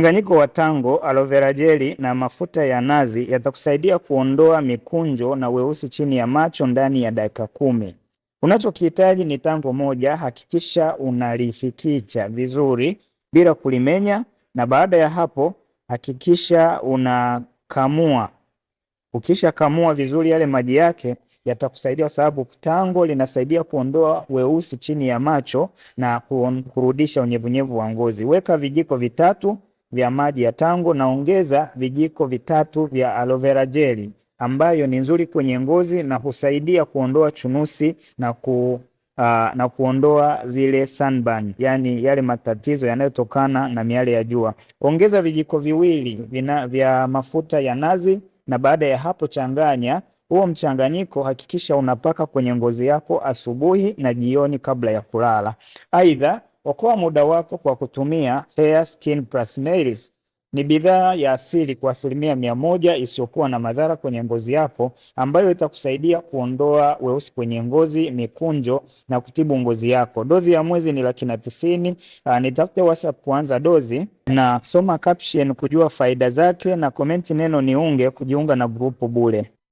Mchanganyiko wa tango, aloe vera jeli na mafuta ya nazi yatakusaidia kuondoa mikunjo na weusi chini ya macho ndani ya dakika kumi. Unachokihitaji ni tango moja. Hakikisha unalifikicha vizuri bila kulimenya, na baada ya hapo hakikisha unakamua. kamua vizuri yale maji yake yatakusaidia kwa sababu tango linasaidia kuondoa weusi chini ya macho na kurudisha unyevunyevu wa ngozi. Weka vijiko vitatu vya maji ya tango, naongeza vijiko vitatu vya aloe vera jeli ambayo ni nzuri kwenye ngozi na husaidia kuondoa chunusi na ku Uh, na kuondoa zile sunburn, yani yale matatizo yanayotokana na miale ya jua. Ongeza vijiko viwili vina, vya mafuta ya nazi, na baada ya hapo changanya huo mchanganyiko, hakikisha unapaka kwenye ngozi yako asubuhi na jioni kabla ya kulala. Aidha, Okoa muda wako kwa kutumia Fair Skin Plus Nails. Ni bidhaa ya asili kwa asilimia mia moja isiyokuwa na madhara kwenye ngozi yako ambayo itakusaidia kuondoa weusi kwenye ngozi, mikunjo na kutibu ngozi yako. Dozi ya mwezi ni laki na tisini. Ah, nitafute WhatsApp kuanza dozi na soma caption kujua faida zake na komenti neno niunge kujiunga na grupu bure.